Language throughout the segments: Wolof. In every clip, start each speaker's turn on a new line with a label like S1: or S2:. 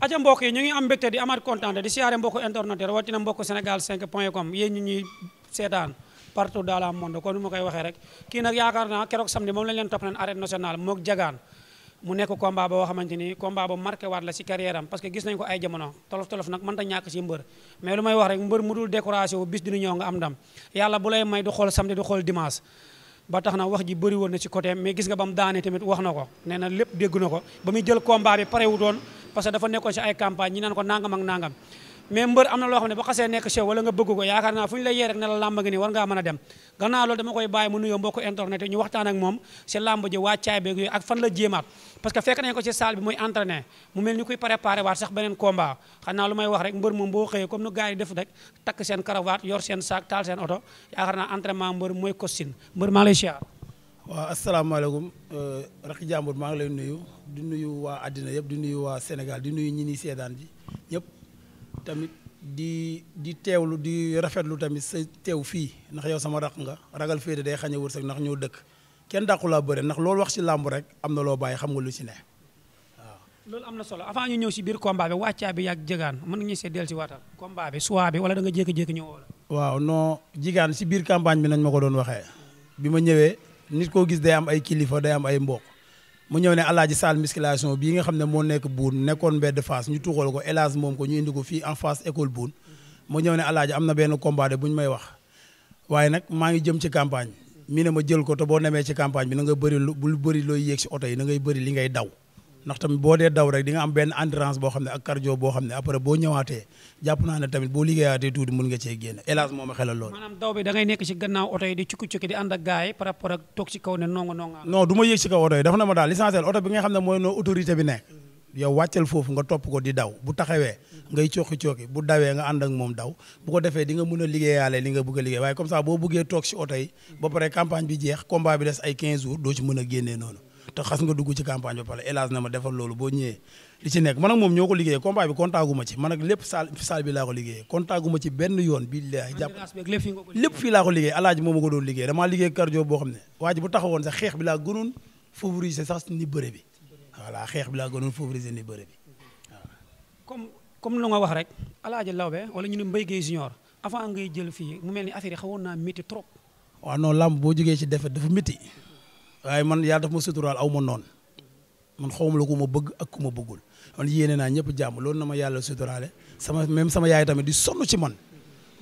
S1: aja mbokk yi ñu ngi am mbégte di amaat kontaan di siyaare mbokku internet yi rawatina mbokku sénégal 5 point com yéen ñu ñuy seetaan partout dans le kon nu koy waxee rek kii nag yaakaar naa keroog samedi moom lañ leen topp leen arène jagaan mu nekk combat boo xamante ni combat bu marqué waat la si carrière am parce que gis nañ ko ay jamono tolof tolof nag mën ta ñàkk si mbër mais lu may wax rek mbër mu dul décoration bis dina ñëw nga am ndam yàlla xool samedi du xool ba tax na wax ji bëri na ci côté mais gis nga ba mu daane tamit wax na ko nee na lépp dégg na ko ba muy jël combat bi pare wu doon parce que dafa nekkoon ci ay campagne ñi naan ko nangam ak nangam mais mbër am na loo xam ne ba xasee nekk chef wala nga bëgg ko yaakaar naa fu ñu la yee rek ne la làmb ngi nii war ngaa mën a dem gannaaw loolu dama koy bàyyi mu nuyoo mbokk internet ñu waxtaan moom si làmb ji wàccaay beeg yooyu ak fan la jéemaat parce que fekk nañ ko ci salle bi muy entraîné mu mel ni kuy préparé waat sax beneen combat xanaa lu may wax rek mbër moom boo xëyee comme nu gars def rek takk seen cravate yor seen saak taal seen oto yaakaar naa entraînement mbër mbër maa lay siyaar
S2: waaw asalaamaaleykum euh, rakk jàmbur maa ngi lay nuyu di nuyu waa àddina yëpp di nuyu waa Sénégal di nuyu ñi ni seedaan ji tamit di di teewlu di rafetlu tamit sa teew fii ndax yow sama raq nga ragal féete day xañ a wërsëg ndax ñoo dëkk kenn dàqu laa bëre ndax loolu wax ci làmb rek am na loo bàyyi xam nga lu si ne
S1: waaw. loolu am na solo avant ñu ñëw si biir combat bi wàccaa bi yàgg jegaan mën nga ñu see del si waatal combat bi soit bi wala da nga jékki-jékki ñëw wala.
S2: waaw noo jigaan si biir campagne bi nañ ma ko doon waxee bi ma ñëwee nit koo gis day am ay kilifa day am ay mbokk mu ñëw ne alaaji salle musculation bii nga xam ne moo nekk buun nekkoon mbedd Fass ñu tuuxal ko hélas moom ko ñu indi ko fii en face école buun mu ñëw ne alaaji am na benn combat de bu ñu may wax waaye nag maa ngi jëm ci campagne mi ne ma jël ko te boo nemee ci campagne bi na nga bëri lu bul bëri looy yéeg si oto yi nangay bëri li ngay daw ndax tamit boo dee daw rek di nga am benn ne ak cardio boo xam naa ne tamit boo liggéeyaatee tuuti mun nga cee génn hélas moo ma xelal loolu
S1: maanaam daw bi da ngay nekk ci gannaaw oto
S2: dafa na ma daal l'essentiel oto bi nga xam ne mooy autorité bi nekk yow wàccal foofu nga topp ko di daw bu taxawee ngay cooki-cooki bu dawee nga ànd ak moom daw bu ko defee di nga mën a liggéeyaale li nga bëgg a liggéey waaye comme ça boo bëggee toog ci oto yi ba pare campagne bi jeex combat bi des ay 15 jours doo ci mën a génnee te xas nga dugg ci campagne ba pare hélas na ma defal loolu boo ñëwee li ci nekk man ak moom ñoo ko liggéeyee combat bi kontaan gu ma ci man lépp saal saal bi laa ma ci benn yoon billahi lépp fii laa ko liggéey alaaji moom ma ko doon liggéey damaa liggéey cardio boo xam ne waa ji bu taxawoon sax xeex bi ni bëre bi voilà xeex bi laa ni bëre bi
S1: comme comme rek alaaji lawbe wala ñu
S2: waaye man yàlla daf ma suturaal aw ma noon man xawma la ku ma bëgg ak ku ma bëggul a yéene naa ñëpp jàmm loolu na ma yàlla suturaale sama même sama yaay tamit di sonn ci man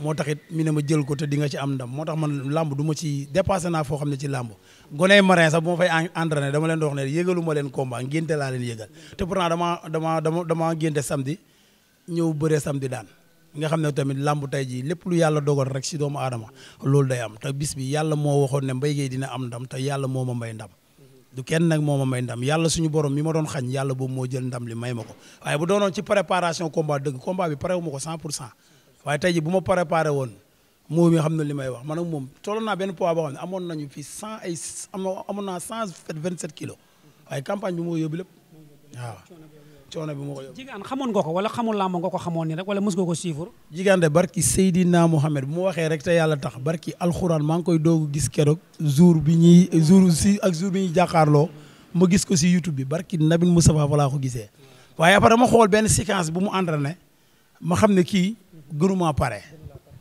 S2: moo tax it mi ne ma jël ko te di nga ci am ndam moo tax man làmb du ma ci dépassé naa foo xam ne ci làmb goney marin sax bu ma fay entraîné dama leen di wax ne yëgalu ma leen combat ngénte laa leen yëgal te pourtant dama dama dama damaa ngénte samedi ñëw bëree samedi daan nga xam ne tamit làmb tey jii lépp lu yàlla dogal rek si doomu aadama loolu day am te bis bi yàlla moo waxoon ne Mbaye Gueye dina am ndam te yàlla moo ma may ndam du kenn nag moo ma may ndam yàlla suñu borom mi ma doon xañ yàlla boobu moo jël ndam li may ma ko waaye bu doonoon ci préparation combat dëgg combat bi pare wu ma ko 100 pour cent waaye tey jii bu préparé woon moo mi xam na li may wax man ak moom tolloon naa benn poids boo xam ne amoon nañu fii 100 ay amoon naa 127 kilos waaye campagne bi moo lépp coono bi moo ko yóbbu. jigaan xamoon nga ko wala xamoon làmb nga ko xamoon ni rek wala mës nga ko siifur. jigaan de barki Seydina Mohamed bu ma waxee rek te yàlla tax barki alxuraan maa ngi koy doogu gis jour bi ñuy jour si ak jour bi ñuy jàkkaarloo ma gis ko si YouTube bi barki Nabil Moustapha fa laa ko gisee. waaye après dama xool benn séquence bu mu entraîné ma xam ne kii gënuma pare.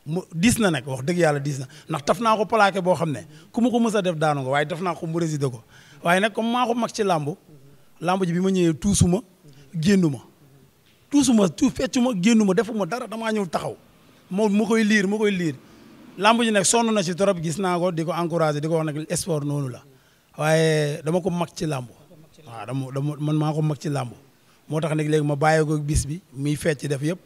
S2: mu dis na nag wax dëgg yàlla dis na ndax taf naa ko plaqué boo xam ne ku ma ko mës a def daanu nga waaye taf naa ko mu résidé ko waaye nag comme maa ko mag ci làmb làmb bi ma ñëwee tuusuma génnuma tuusuma tu feccuma génnuma defuma dara damaa ñëw taxaw moo ma koy liir ma koy liir lamb ji nag sonn na si trop gis naa ko di ko encouragé di ko nag sport noonu la waaye dama ko mag ci làmb waaw dama dama man maa ko mag ci làmb moo tax nag léegi ma bàyyi ko bis bi muy fecc def yëpp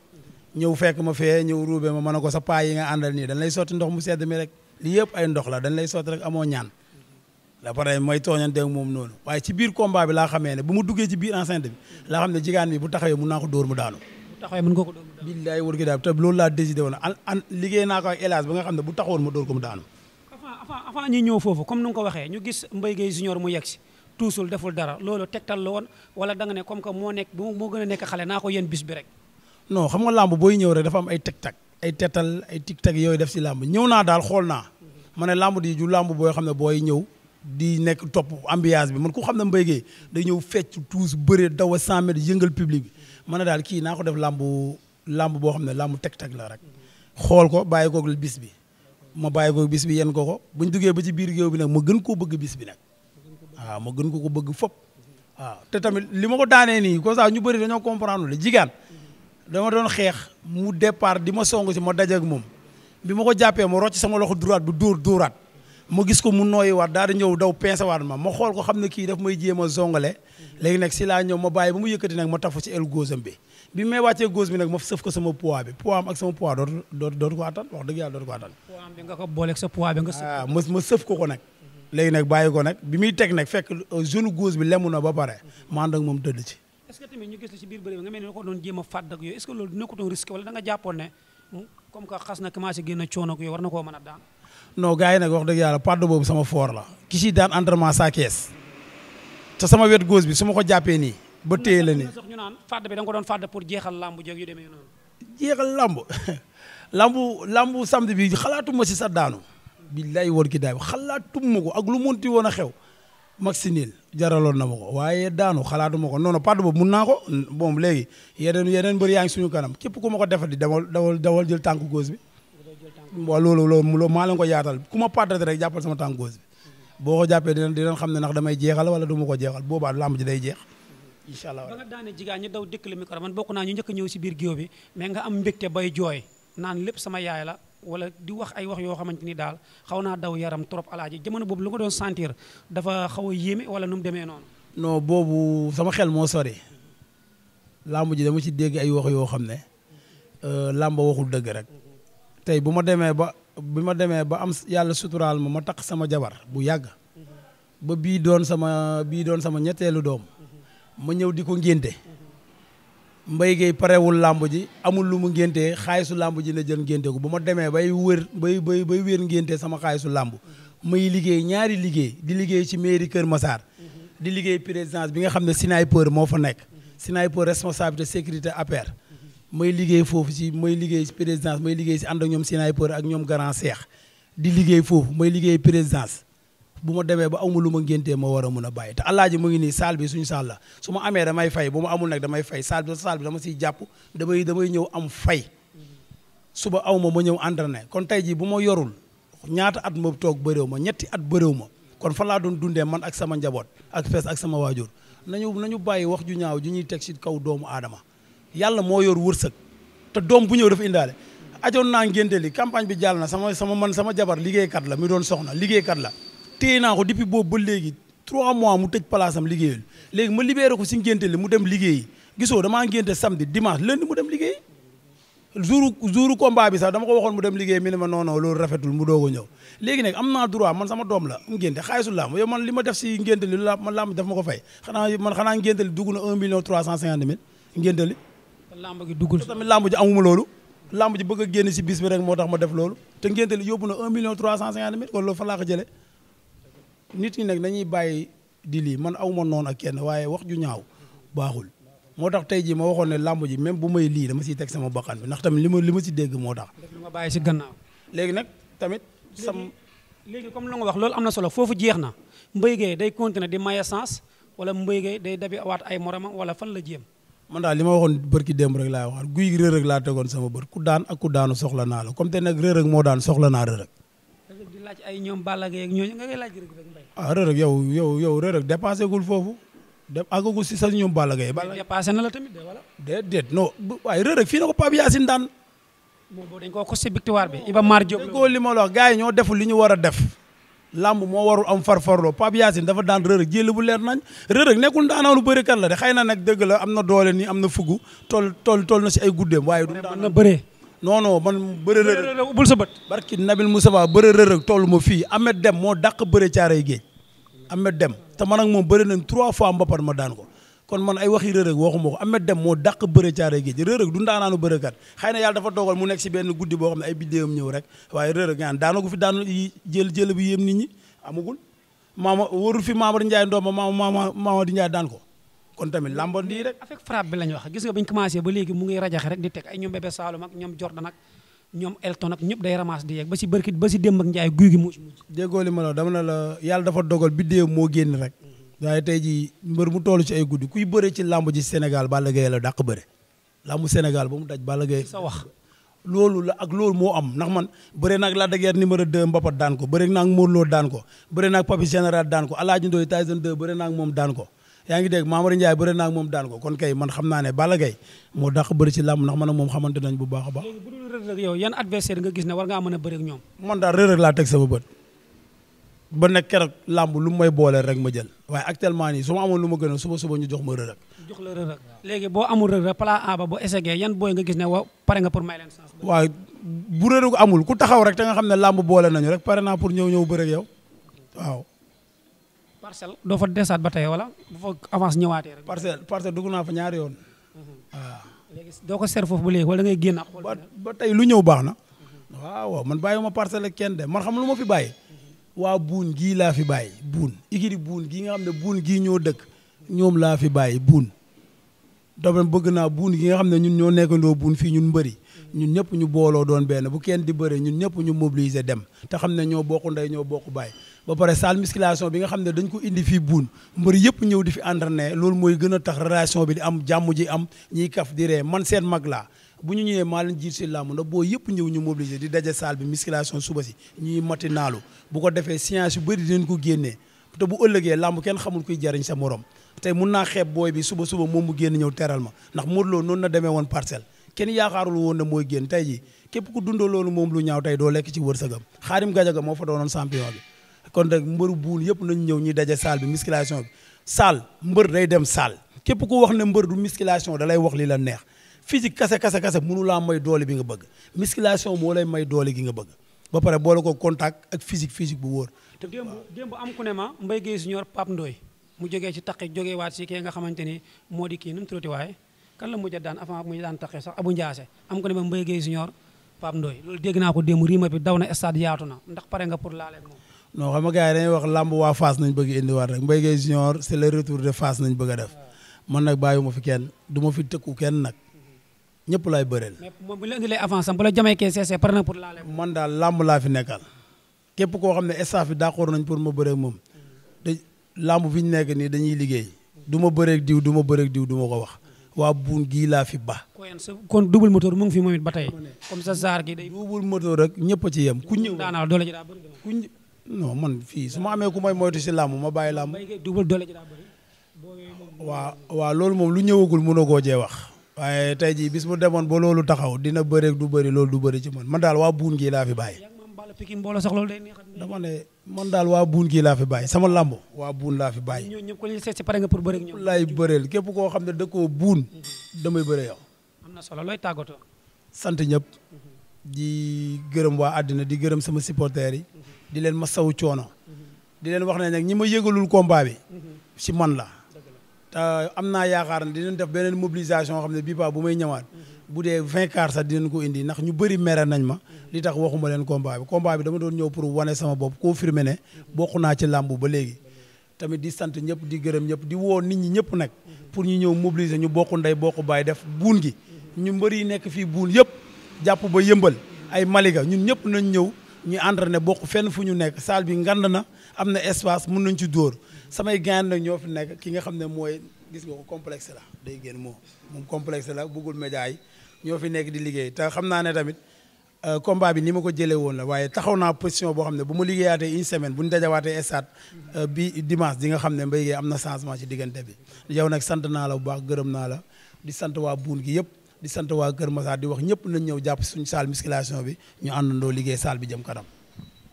S2: ñëw fekk ma fee ñëw ruube ma mën a ko sa paa yi nga àndal nii dañ lay sotti ndox mu sedd mi rek lii yëpp ay ndox la dañ lay sotti rek amoo ñaan la pare mooy tooñante ak moom noonu waaye ci biir combat bi laa xamee bu mu duggee ci biir enceinte bi laa xam ne jigaan bu taxawee mun naa ko dóor daanu taxawee mën nga ko dóor mu daanu billaay wër gi daal te loolu laa décidé woon an an liggéey naa ko élage ba nga xam ne bu taxawoon ma dóor daanu
S1: avant avant ñuy ñëw foofu comme nu nga ko waxee ñu gis Mbaye Guèye junior mu yegg si tuusul deful dara loolu tegtal la woon wala da nga ne comme que moo nekk moo gën bi rek
S2: non xam nga làmb booy ñëw rek dafa am ay tegtak ay tetal ay tigtak yooyu def si làmb ñëw naa daal xool naa ma ne làmb di ju xam ne booy ñëw di nekk topp ambiance bi man ku xam ne Mbaye Gueye day ñëw fecc tuus bëre daw a cent mètres yëngal public bi man daal kii naa ko def làmbu làmb boo xam ne làmbu teg-teg la rek xool ko bàyyi ko bis bi ma bàyyi ko bis bi yenn ko ko bu duggee ba ci biir géew bi nag ma gën koo bëgg bis bi nag ma gën ko ko bëgg fop tamit li ma ko daanee nii comme ça ñu bëri dañoo comprendre le jigaan dama doon xeex mu départ di ma song si ma dajeeg moom bi ma ko jàppee ma rocc sama loxo droite bu dóor dóoraat ma gis ko mu nooyiwaat daal di ñëw daw pincewaat ma ma xool ko xam ne kii daf may jéem a zongale mhm. léegi nag si ñëw ma bàyyi ba mu yëkkati nag ma sëf ko sama poids bi ak sama poids dootu dootu ko attan wax dëgg yàlla dootu ko attan. Ah, ma sëf ko ko nag. Mhm. léegi nag bàyyi ko nag bi muy teg nag fekk euh, zone góos bi lemu na ba pare mhm. ma ànd ak moom dëdd ci.
S1: est-ce que tamit ñu gis la ci biir bëri nga mel ni ko doon jéem a fàdd ak yooyu est da
S2: non gars yi nag wax dëgg yàlla pàddu boobu sama foor la ki si daan entraînement saa kees te sama wet góos bi su ma ko jàppee nii ba téye la nii.
S1: ñu naan fàdd bi da doon fàdd pour jeexal làmb jeeg yu demee noonu.
S2: jeexal làmb làmb làmb samedi bi xalaatuma si sa daanu. billaay war ki daay xalaatuma ko ak lu munti woon a xew. maxinil jaraloon na ma ko waaye daanu xalaatuma ko non non pàddu boobu mun naa ko bon léegi yeneen yeneen mbër yaa ngi suñu kanam képp ku ma ko di dawal dawal dawal jël tànk góos bi. waaw loolu loolu maa leen ko yaatal ku ma patate rek jàppal sama tànk gauche bi boo ko jàppee dinañ dinañ xam ne ndax damay jeexal wala du ma ko jeexal boobaa làmb ji day jeex
S1: incha allah ba jigaan ñu daw dëkk la micro man bokk naa ñu njëkk a ñëw si biir géew bi mais nga am mbégte bay jooy naan lépp sama yaay la wala di wax ay wax yoo xamante ni daal xaw naa daw yaram trop alaaji jamono boobu lu nga doon sentir dafa xaw a yéeme wala nu mu demee noonu
S2: non boobu sama xel moo sori làmb ji dama ci dégg ay wax yoo xam ne euh, làmb waxul dëgg rek tey bu ma demee ba bi ma demee ba am yàlla suturaal ma ma takk sama jabar bu yàgg ba bii doon sama bii doon sama ñetteelu doom ma ñëw di ko ngénte mbay gay parewul làmb ji amul lu mu ngéntee xaalisu làmb ji la jël ngénte ko bu ma demee bay wër bay bay bay wér ngénte sama xaalisu làmb may liggéey ñaari liggéey di liggéey ci mairie Kër Massar di liggéey présidence bi nga xam ne sniper moo fa nekk sniper responsabilité sécurité APR may liggéey foofu si may liggéey si présidence may liggéey si ànd ak ñoom sniper ak ñoom grand seex di liggéey foofu may liggéey présidence bu ma demee ba amul lu ma ngéntee ma war a mun a bàyyi te alaaji mu ngi nii saal bi suñu saal la su ma amee damay fay bu ma amul nag damay fay saal bi saal bi dama siy jàpp damay damay ñëw am fay suba awma ma ñëw entraîné kon tey jii bu ma yorul ñaata at ma toog bëréew ma ñetti at bëréew ma kon fan laa doon dundee man ak sama njaboot ak fees ak sama waajur nañu nañu bàyyi wax ju ñaaw ju ñuy teg si kaw doomu aadama yàlla moo yor wërsëg te doom bu ñëw dafa indaale ajoon naa ngénte li campagne bi jàll na sama sama man sama jabar liggéeykat la mi doon soxna liggéeykat la téye naa ko depuis boobu ba léegi trois mois mu tëj place am liggéeyul léegi ma libéré ko si ngénte li mu dem liggéeyi gisoo damaa ngénte samedi dimanche lundi mu dem liggéey jour jour combat bi sax dama ko waxoon mu dem liggéey mi ne ma non non loolu rafetul mu doog a naa droit man sama doom la ngénte xaalisu laam yow man li ma def si ngénte li la man ma ko fay xanaa man xanaa dugg na un million trois cent cinquante mille ngénte li lamb gi duggul tamit lamb ji amuma loolu lamb ji bëgg a génn si bis bi rek moo tax ma def loolu te ngénte li yóbbu na un million trois cent cinquante mille wala fa laa ko jële nit ñi nag dañuy bàyyi di lii man awma noonu ak kenn waaye wax ju ñaaw baaxul moo tax tey jii ma waxoon ne làmb ji même bu may lii dama siy teg sama bakkan bi ndax tamit li ma li ma si dégg moo tax.
S1: ma bàyyi si gannaaw. léegi nag tamit. sam léegi comme la wax loolu am na solo foofu jeex na Mbaye Gueye day continuer di maye sens wala Mbaye Gueye day dabi awaat ay moromam wala fan la jéem. man
S2: daal li ma waxoon bërki démb rek laa waxaat guy rërëg laa tegoon sama bër ku daan ak ku daanu soxla naa la comme te nag rërëg moo daan soxla naa rërëg
S1: di laaj ay ñoom Balla Gaye ak ñooñu nga ngay laaj
S2: ah, rërëg yow yow yow rërëg dépassé gul foofu de àggagul si sax ñoom Balla Gaye Balla
S1: dépassé na la tamit de wala
S2: déedéet non waaye rërëg fii na ko Pape
S1: dañ koo ko si bi Iba Mar Diop
S2: koo ma la wax ñoo deful li ñu war a def làmb moo warul am farfarloo Pape Yacine dafa daan rërëg jël bu leer nañ rërëg nekkul daanaa lu bëri kan la de xëy na nag dëgg la am na doole nii am na fugu toll toll toll na si ay guddeem waaye du daan na bëree non non man bëre rërëg ubbul sa bët barki Nabil Moussa bëre rërëg toll ma fii Ahmed Dem moo dàq bëre caaray géej Ahmed Dem te man nag moom bëri nañ trois fois mbapat ma daan ko kon man ay waxi rërëg waxuma ko Ameth dem moo dàq bëre caare géej rërëg du ndaanaanu bërëkat xëy na yàlla dafa dogal mu nekk si benn guddi boo xam ne ay biddéewam ñëw rek waaye rërëg ñaan daana ko fi daanu jël jël bi yéem nit ñi amagul maama
S1: warul fi Mamadou Ndiaye ndoom ma maama Mamadou Ndiaye daan ko kon tamit lambo di rek avec frappe bi la ñu wax gis nga bañ commencé ba léegi mu ngi rajaxe rek di teg ay ñoom bébé Saloum ak ñoom Jordan ak ñoom Elton ak ñëpp day ramasse di yeeg ba si bërkit ba si démb ak Ndiaye guy gi mujj mujj
S2: déggoo ma la dama ne la yàlla dafa dogal biddéew moo génn rek waaye tey jii mbër mu toll ci ay guddi kuy bëre ci làmb ji Sénégal bala Gaye la dàq bëre làmb Sénégal ba mu daj Balla Gaye sa wax loolu la ak loolu moo am ndax man bëre naag Lac de Guiers numéro 2 mbapat daan ko bëre naag Modou Lo daan ko bëre naag Papi Général daan ko Alaaji moom daan ko yaa ngi dégg Mamadou Ndiaye bëre naag moom daan ko kon kay man xam naa ne Balla Gaye moo dàq bëri ci làmb ndax man ak moom xamante nañ bu baax a baax léegi bu
S1: dul rëg yow yan adversaire nga gis ne war ngaa mën a ñoom man daal rëg
S2: laa teg sama bët
S1: ba nag keroog làmb lu may
S2: boole rek ma jël waaye actuellement nii su ma amoon lu ma gën gënoon suba suba ñu jox ma rërëg.
S1: jox la rërëg léegi boo amul rërëg plan A ba boo essayé yan booy nga gis ne wa pare nga pour may leen chance. waaw bu rërëg
S2: amul ku taxaw rek te nga xam ne làmb boole nañu rek pare naa pour ñëw ñëw bëre ak yow waaw.
S1: parcelle doo fa desaat ba tey wala bu fa avance ñëwaatee rek. parcelle parcelle dugg naa fa ñaari yoon. Mm-hmm. doo ko seet foofu bu léegi wala ngay génn. ba ba tey lu ñëw baax na.
S2: waaw man bàyyi ma parcelle ak kenn de man xam lu waa buun gii laa fi bàyyi buun ikiri buun gii nga xam ne buun gii ñoo dëkk ñoom laa fi bàyyi buun dafa bëgg naa buun gi nga xam ne ñun ñoo nekkandoo buun fii ñun mbëri ñun ñëpp ñu booloo doon benn bu kenn di bëre ñun ñëpp ñu mobiliser dem te xam ne ñoo bokk ndey ñoo bokk baay ba pare salle musculation bi nga xam ne dañ ko indi fii buun mbëri yëpp ñëw di fi entraîner loolu mooy gën a tax relation bi di am jàmm ji am ñiy kaf di ree man seen mag laa bu ñu ñëwee maa leen jiit si làmb ndax boo yëpp ñëw ñu mobiliser di daje salle bi musculation suba si ñuy matinaalu bu ko defee science yu bëri dinañ ko génnee te bu ëllëgee làmb kenn xamul kuy jariñ sa morom tey mun naa xeeb booy bi suba suba moom mu génn ñëw teral ma ndax Modou Lo noonu na demee woon parcelle kenn yaakaarul woon ne mooy génn tey ji képp ku dundoo loolu moom lu ñaaw tey doo lekk ci wërsëgam Xaadim Gajaga moo fa doonoon champion bi kon rek mbëru buun yëpp nañ ñëw ñuy daje salle bi musculation bi salle mbër day dem salle képp ku wax ne mbër du musculation lay wax li la neex physique kase kase kase mënu laa may doole bi nga bëgg musculation moo lay may doole gi nga bëgg ba pare boole ko contact ak physique physique bu wóor.
S1: te démb démb am ku ne ma Mbaye Guèye Junior Pape Ndoye mu jógee ci taqe jógee waat si nga xamante ni moo di kii nu mu tuddati waaye kan la mujj a daan avant mu daan taqe sax Abu Ndiasse am ku ne ma Mbaye Guèye Junior Pape Ndoye loolu naa ko démb riima bi daw na stade yaatu na ndax pare nga pour laaleeg
S2: moom. wax lamb waa Fass nañ bëgg indiwaat rek Mbaye Guèye Junior c'est le retour de fas nañ bëgg a def man nag bàyyi ma fi kenn du ma fi tëkku kenn nag ñépp laay bëreel. mom
S1: moom bu la indilee la jamee kee CC na pour laale.
S2: man daal làmb laa fi nekkal képp koo xam ne staff bi d'accord nañ pour ma bëree moom te làmb fi ñu nekk nii dañuy liggéey du ma bëreeg diw du ma bëreeg diw du ma ko wax waa buun gii laa fi ba.
S1: kon double moteur
S2: mu fi moom it ba tey comme ça saar gi day. double moteur rek ñëpp a ci yem ku ñëw. daanaka doole ji daa bëri ku ñëw non man fii su ma amee ku may moytu si làmb ma bàyyi làmb. double doole ji daa bëri. waa waa loolu moom lu ñëwagul mënoo koo jee wax. waaye tey jii bis mu demoon ba loolu taxaw dina bëreeg du bëri loolu du bëri ci man man daal waa buun gi laa fi bàyyi. dama ne man daal waa buun gii laa fi bàyyi sama lambo waa buun laa fi bàyyi. ñooñu ñëpp ku ñu seet si pare nga pour bëri ak ñoom. laay bëreel képp ko xam ne da koo buun damay bëre yow.
S1: am na solo looy tàggatoo.
S2: sant ñëpp. di gërëm waa àddina di gërëm sama supporters yi. di leen ma saw coono. di leen wax ne ñi ma yëgalul combat bi. si man la. Euh, am naa yaakaar ne dinañ def beneen mobilisation xam ne bii ba bu may ñëwaat bu dee vingt cars sax dinañ ko indi ndax ñu bëri mere nañ ma li tax waxuma leen combat bi combat bi dama doon ñëw pour wane sama bopp confirmer ne bokk naa ci làmb ba léegi tamit di sant ñëpp di gërëm ñëpp di woo nit ñi ñëpp nag pour ñu ñëw mobiliser ñu bokk ndey bokk baay def buun gi ñu mbëri yi nekk fii buun yëpp jàpp ba yëmbal ay maliga ñun ñëpp nañ ñëw ñu entraîné bokk fenn fu ñu nekk salle bi ngand na am na espace mun nañ ci dóor samay gaan nag ñoo fi nekk ki nga xam ne mooy gis nga ko complexe la day gën moom moom complexe la bëggul média ñoo fi nekk di liggéey te xam naa ne tamit euh, combat bi nii ma ko jëlee woon la waaye taxaw naa position boo xam ne bu ma liggéeyaatee une semaine bu ñu dajawaatee stade euh, bi dimanche di nga xam ne mbéy am na changement ci diggante bi yow nag sant naa la bu baax gërëm naa la di sant waa buun gi yëpp di sant waa Kër Massar di wax ñëpp nañ ñëw jàpp suñu salle musculation bi ñu àndandoo liggéey salle bi jëm kanam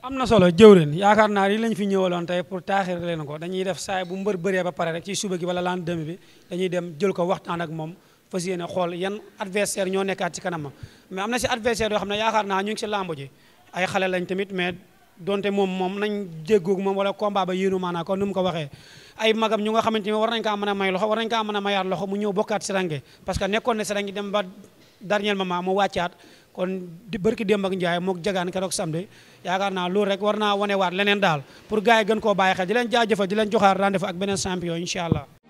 S1: am na solo jëwrin yaakaar naa yi lañ fi ñëwaloon tey pour taaxir leen ko dañuy def saay bu mbër bëree ba pare rek ci suba gi wala laan demi bi dañuy dem jël ko waxtaan ak moom fas yéene xool yan adversaire ñoo nekkaat ci kanam mais am na si adversaire yoo xam ne yaakaar naa ñu ngi si làmb ji ay xale lañ tamit mais donte moom moom nañ jéggoog moom wala combat ba yéenu maanaa ko nu ko waxee ay magam ñu nga xamante ni war nañ kaa mën a may loxo war nañ kaa mën a mayaat loxo mu kon di barki démb ak Ndiaye mook jagaan keroog samedi yaakaar naa loolu rek war naa wanewaat leneen daal pour gars yi ko koo bàyyi xel di leen jaajëfal di leen joxaar ak beneen champion incha allah